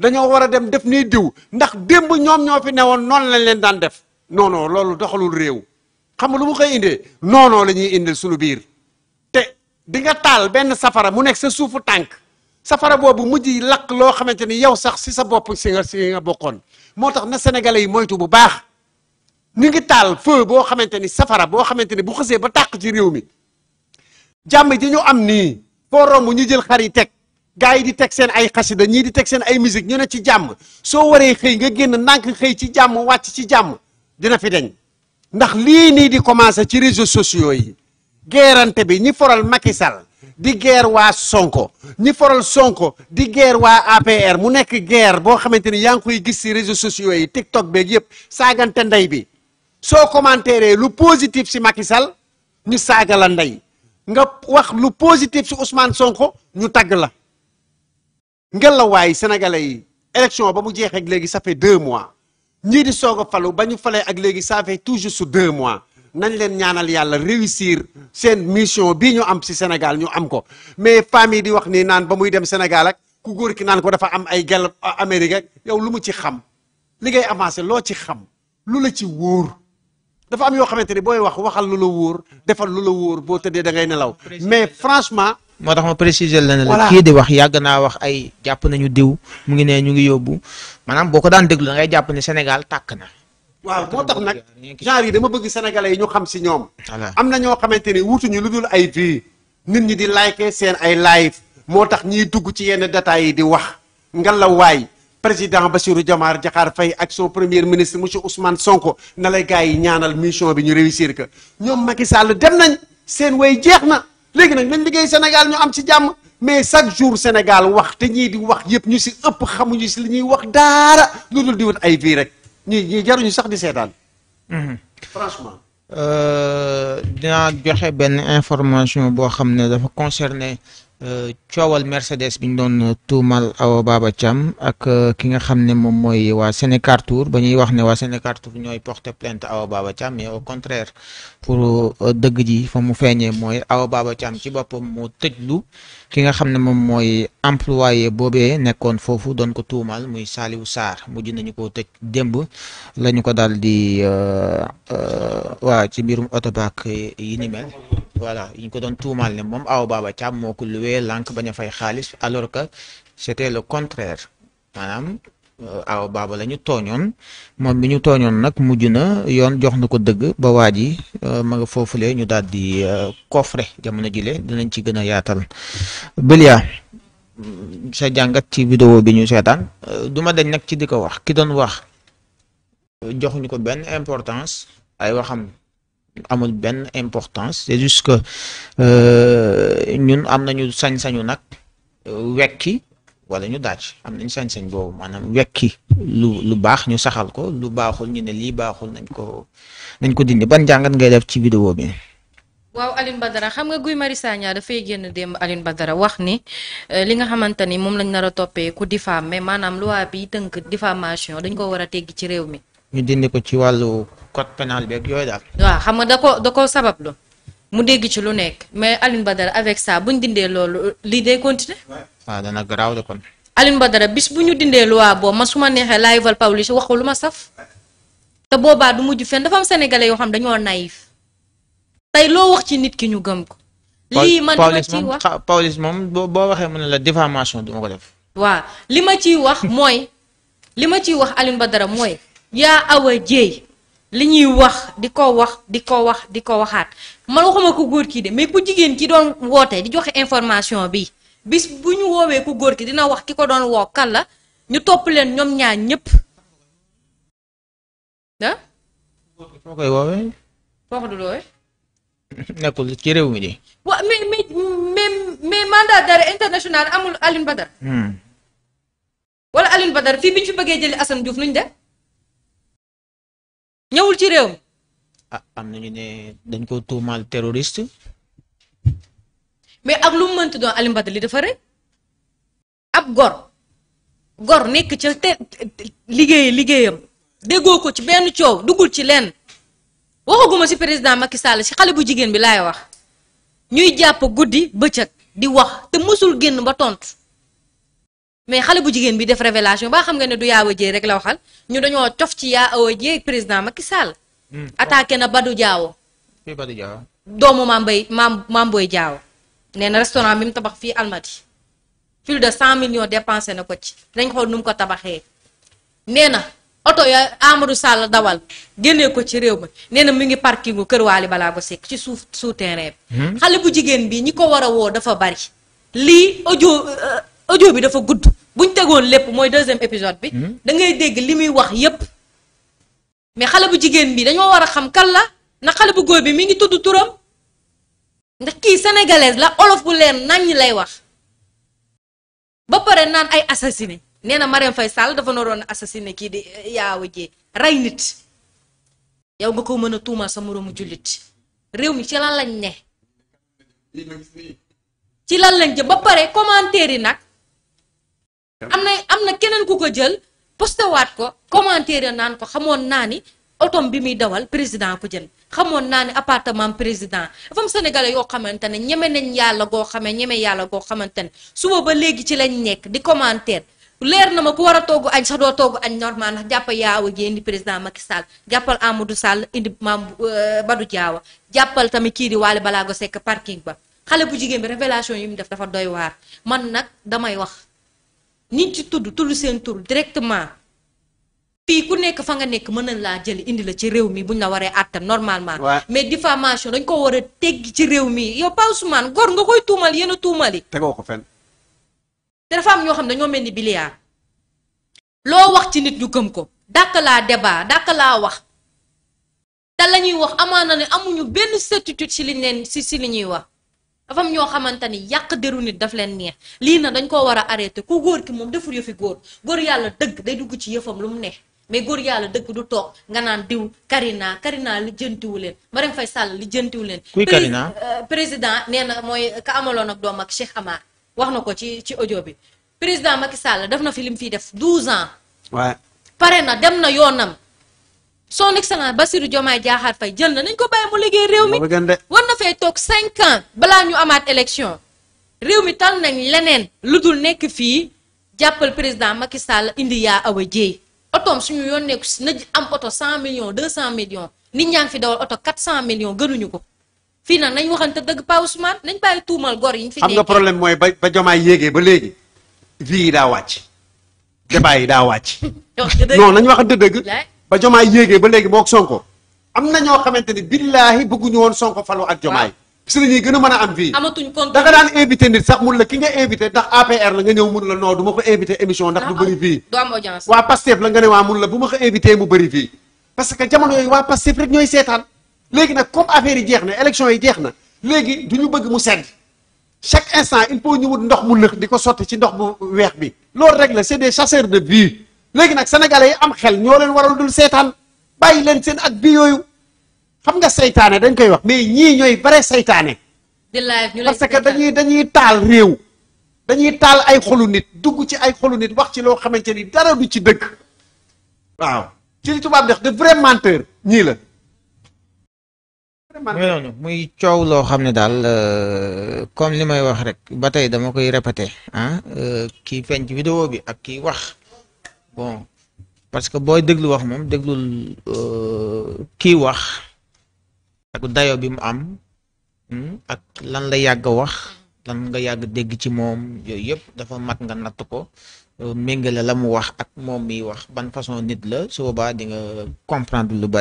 dañoo war a dem def nii diw ndax démb ñoom ñoo fi woon noonu lañ leen daan def non loolu doxalul réew xam lu mu koy indee non non la ñuy indil suñu biir te di nga taal benn safara mu nekk sa suufu tànk safara boobu mujj lakk loo xamante ni yow sax si sa bopp si nga si nga bokkoon moo tax na senegale yi moytu bu baax ñu ngi taal feu boo xamante ni safara boo xamante ni bu xësee ba tàq ci réew mi jàmm ji ñu am nii foo romb ñu jël xar yi teg gars yi di teg seen ay xasida ñii di teg seen ay musique ñu ne ci jàmm soo waree xëy nga génn ndànk xëy ci jàmm wàcc ci jàmm dina fi deñ ndax lii nii di commencé ci réseau sociaux yi geerante bi ñi foral Macky Sall di guerre waa Sonko ñi foral Sonko di guerre waa APR mu nekk guerre boo xamante ni yaa ngi koy gis si réseaux sociaux yi TikTok beeg yëpp saagante ndey bi soo commentaire lu positif si Macky Sall ñu saaga la ndey nga wax lu positif ci Ousmane Sonko ñu tagg la ngelawaay sénégalais yi élection ba mu jeexee ak léegi ça fait deux mois ñii di soog a falu ba ñu falee ak léegi ça toujours su deux mois nañ leen ñaanal yàlla réussir seen mission bii ñu am si Sénégal ñu am ko mais famille di wax nii naan ba muy dem Sénégal ak ku góor ki naan ko dafa am ay gel Amérique ak yow lu mu ci xam li ngay avancé loo ci xam lu la ci wóor dafa am yoo xamante ni booy wax waxal lu la wóor defal lu la wóor boo tëddee da ngay nelaw moo tax ma préciser la ne la kii di wax yàgg naa wax ay jàpp nañu diw mu ngi ne ñu ngi yóbbu maanaam boo ko daan déglu da ngay jàpp ne Sénégal tàkk na. waaw moo tax nag genre yi dama bëgg sénégalais yi ñu xam si ñoom. am na ñoo xamante ni ñu lu dul ay vie nit ñi di like seen ay live moo tax ñiy dugg ci yenn détails yi di wax la waay président Bassirou jamaar jaxaar Faye ak son premier ministre ci Ousmane Sonko na lay gars yi ñaanal mission bi ñu réussir que ñoom Macky Sall dem nañ seen way jeex na. léegi nag nañ liggéey Sénégal ñu am ci jàmm mais chaque jour Sénégal wax te ñii di wax yëpp ñu si ëpp xamuñu si li ñuy wax daara lu dul di wut ay vie rek ñi ñii jaruñu sax di seetaan. Mhm. franchement. Euh, dinaa joxe benn information boo xam ne dafa concerné. Euh, coowal Mercedes bi ñu doon tuumal Awa baaba cam ak euh, ki nga xam ne moom mooy waa senecartour ba ñuy wax ne waa senecartour ñooy porter plainte Awa Baba Thiam mais au contraire pour euh, dëgg ji fa mu feeñee mooy Awa Baba Thiam ci boppam moo lu ki nga xam ne moom mooy employé boobee nekkoon foofu doon ko tuumal muy Saliou Sarr mujj nañu ko tëj démb lañu ko daal di waaw ci mbirum otobaak yi ni mel voilà ñu ko doon tuumaal ne moom aw baaba Thiam moo ko luwee lànk bañ a fay xaalis alors que c'était le contraire maanaam euh, aw baaba lañu tooñoon moom mi ñu tooñoon nag mujj na yoon jox na ko dëgg ba waa ji euh, ma foofu foofulee ñu daal di euh, coffre jamono jile dinañ ci gën a yaatal Belia sa jàngat ci vidéo bi ñu seetaan du ma dañ nag ci di ko wax ki doon wax joxuñu ko benn importance ay waxam amul benn importance c'est juste que euh, ñun am nañu sañ-sañu nag euh, wekki wala ñu daaj am nañ sañ-sañ boobu maanaam wekki lu lu baax ñu saxal ko lu baaxul ñu ne lii baaxul nañ ko nañ ko dindi ban jàngat ngay def ci vidéo bi. waaw Alioune Badara xam nga Guy mari Sagna dafay génn démb Alioune Badara wax ni euh, li nga xamante ni moom lañ nar a toppee ku diffamé maanaam loi bi tënk diffamation dañ ko war a tegg ci réew mi ñu dindi ko ci wàllu code pénal bi ak yooyu daal. waaw xam nga da ko da ko sabablu mu dégg ci lu nekk mais Alioune Badara avec ça bu ñu dindee loolu lii day continuer. waa ah, dana raw de kon. ba Badara bis bu ñu dindee loi boobu ma su ma neexee laay val Pawlish waxu lu ma saf te boobaa du mujj fenn dafa am yoo xam dañoo naïf tey loo wax ci nit ki ñu gëm ko. lii moom boo boo waxee mu ne la diffamation du ma ko def. li ma ciy wax mooy li ma ciy wax Alioune Badara mooy. yaa awa jéey li ñuy wax di ko wax di ko wax di ko waxaat man waxuma ko góor kii de mais ku jigéen ki doon wootee di joxe information bi bis bu ñu woowee ku góor ki dina wax ki ko doon woo kan la ñu topp leen ñoom ñaar ñëpp ah. koy woowee. foo ko dul woowee. nekkul ci réew mi di wa mais mais mais mais mandat international amul Alioune Badara. Hmm. wala Alioune Badara fii bi ñu fi bëggee jëli Assane Diouf nuñ def. ñëwul ci réew mi. a ah, am nañu ne dañ ko tuumaal terroriste. mais ak lu mu mënti doon Alioune li dafa rek ab gor gor nekk ca te liggéey liggéeyam déggoo ko ci benn coow duggul ci lenn waxaguma ci président Macky Sall si xale bu jigéen bi laay wax ñuy jàpp guddi bëccëg di wax te mësul génn ba tontu. mais xale bu jigéen bi def révélation ba xam nga ne du yaawa jee rek la waxal ñu dañoo cof ci yaawa jee président Macky Sall. Hmm. attaqué na Badou Diawo. fii Badou doomu maam Mbaye maam maam Boy Diawo nee na restaurant bi mu tabax fii Almadi plus de cent millions dépensé na ko ci dañ xool nu mu ko tabaxee nee na oto ya Amadou Sall dawal génnee ko ci réew ma nee na mu ngi parkingu kër Waly balaa ko sekk ci suuf sous terrain bi. Hmm. xale bu jigéen bi ñi ko war a woo dafa bari lii euh, bi dafa gudd. bu ñu tegoon lépp mooy deuxième épisode bi. Hmm? da ngay dégg li muy wax yépp mais xale bu jigéen bi dañoo war a xam kan la na xale bu góor bi mi ngi tudd turam ndax kii sénégalaise la olof bu leer naññ lay wax ba pare naan ay assassiné nee na Marème Faye Sall dafa naroon assassiné kii di eh, yaawa jee rey nit yow nga ko mën a tuumal sa moroomu jullit réew mi ci lan lañ ne. ci lan lañ jëm ba pare commentaire yi nag. am na am na keneen ku ko jël postewaat ko commentaire naan ko xamoon naa ni otom bi muy dawal président ko jël xamoon naa ne appartement président dafa am yoo xamante ne ñeme nañ yàlla goo xamee ñeme yàlla goo xamante ne suba ba léegi ci lañ nekk di commentaire leer na ma ku war a togg añ sax doo togg añ normal ndax jàpp yaaw a indi président Macky Sall jàppal Amadou Sall indi maam euh, Badou Diawa jàppal tamit kii di Waly Balago Seck parking ba xale bu jigéen bi révélation yi mu def dafa doy waar man nag damay wax nit ñi tudd tudd seen tur directement fii ku nekk fa nga nekk mën nañ laa jël indi la ci réew mi buñ la waree àttan normalement. mais diffamation dañ koo war a teggi ci réew mi yow Pa Ousmane gor nga koy tuumal yéen a tuumali. tegoo ko fenn. te dafa am ñoo xam ne dañoo mel ni biliyaar loo wax ci nit ñu gëm ko dàkk laa débat dàkk laa wax te la ñuy wax amaana ne amuñu benn certitude ci li leen si si li ñuy wax. dafa am ñoo xamante ni yàq deru nit daf leen neex lii na dañ koo war a arrêté ku góor ki moom deful yëfi góor góor yàlla dëgg day dugg ci yëfam lu mu neex mais góor yàlla dëgg du toog nga naan diw Karina Karina li jëntiwu leen Marème Faye Sall li jëntiwu leen. kuy euh, président nee na mooy ka amaloon ak doom ak Cheikh Amar wax na ko ci ci audio bi président Macky Sall def na fi lim fiy def 12 ans. waaw pare na dem na yoonam. son excellence Bassirou Diomaye jaaxaat Faye jël na nañ ko bàyyi mu liggéey réew mi war na fay toog cinq ans balaa ñu amaat élection réew mi tal nañ leneen lu dul nekk fii jàppal président Macky Sall indi yaa awa jéey otoom suñu yoon nekku si na am oto cent million deux cent million nit ñaan fi dawal oto quatre cent million gënuñu ko fii nag nañ waxante dëgg Pa Ousmane nañ bàyyi tuumal gor yi ñu fi. xam nga problème mooy ba ba Diomaye yéegee ba léegi vie yi daa wàcc débat yi daa wàcc. non nañ waxante dëgg. ba jomaay yéegee ba léegi mook sonko am na ñoo xamante ni billaahi bëgguñu woon sonko falu ak jomaay si la ñuy gën a mën a am fii da nga daan invité nit sax mun la ki nga invité ndax APR la nga ñëw mun la non du ko invité émission ndax du ah, bëri ah. fii waa Pastef la nga ne waa mun la bu ma ko invité mu bëri fii parce que jamono yooyu waa Pastef rek ñooy seetaan léegi nag comme affaire yi jeex na élection yi jeex na léegi du ñu bëgg mu sedd chaque instant il faut ñu wut mu lëx di ko sotti ci ndox mu weex bi loolu rek la c'est des chasseurs de léegi nag sénégalais yi am xel ñoo leen waral dul seetaan bàyyi leen seen ak bi yooyu xam nga seytaane dañ koy wax mais ñii ñooy bare seytaane parce que dañuy dañuy taal réew dañuy taal ay xolu nit dugg ci ay xolu nit wax ci loo xamante ni dara du ci dëgg waaw ci li tubaab def de vrai menteur ñii la noonu muy coow loo xam ne daal euh, comme li may wax rek ba tey dama koy répété ah euh, kii fenc vidéo bi ak kii wax bon parce que booy déglu wax moom déglul euh, kii wax ak dayo bi mu am hmm, ak lan la yàgg wax lan nga yàgg dégg ci moom yooyu yëpp dafa mat nga natt ko euh, méngale la mu wax ak moom miy wax ban façon nit la su boobaa di comprendre lu bari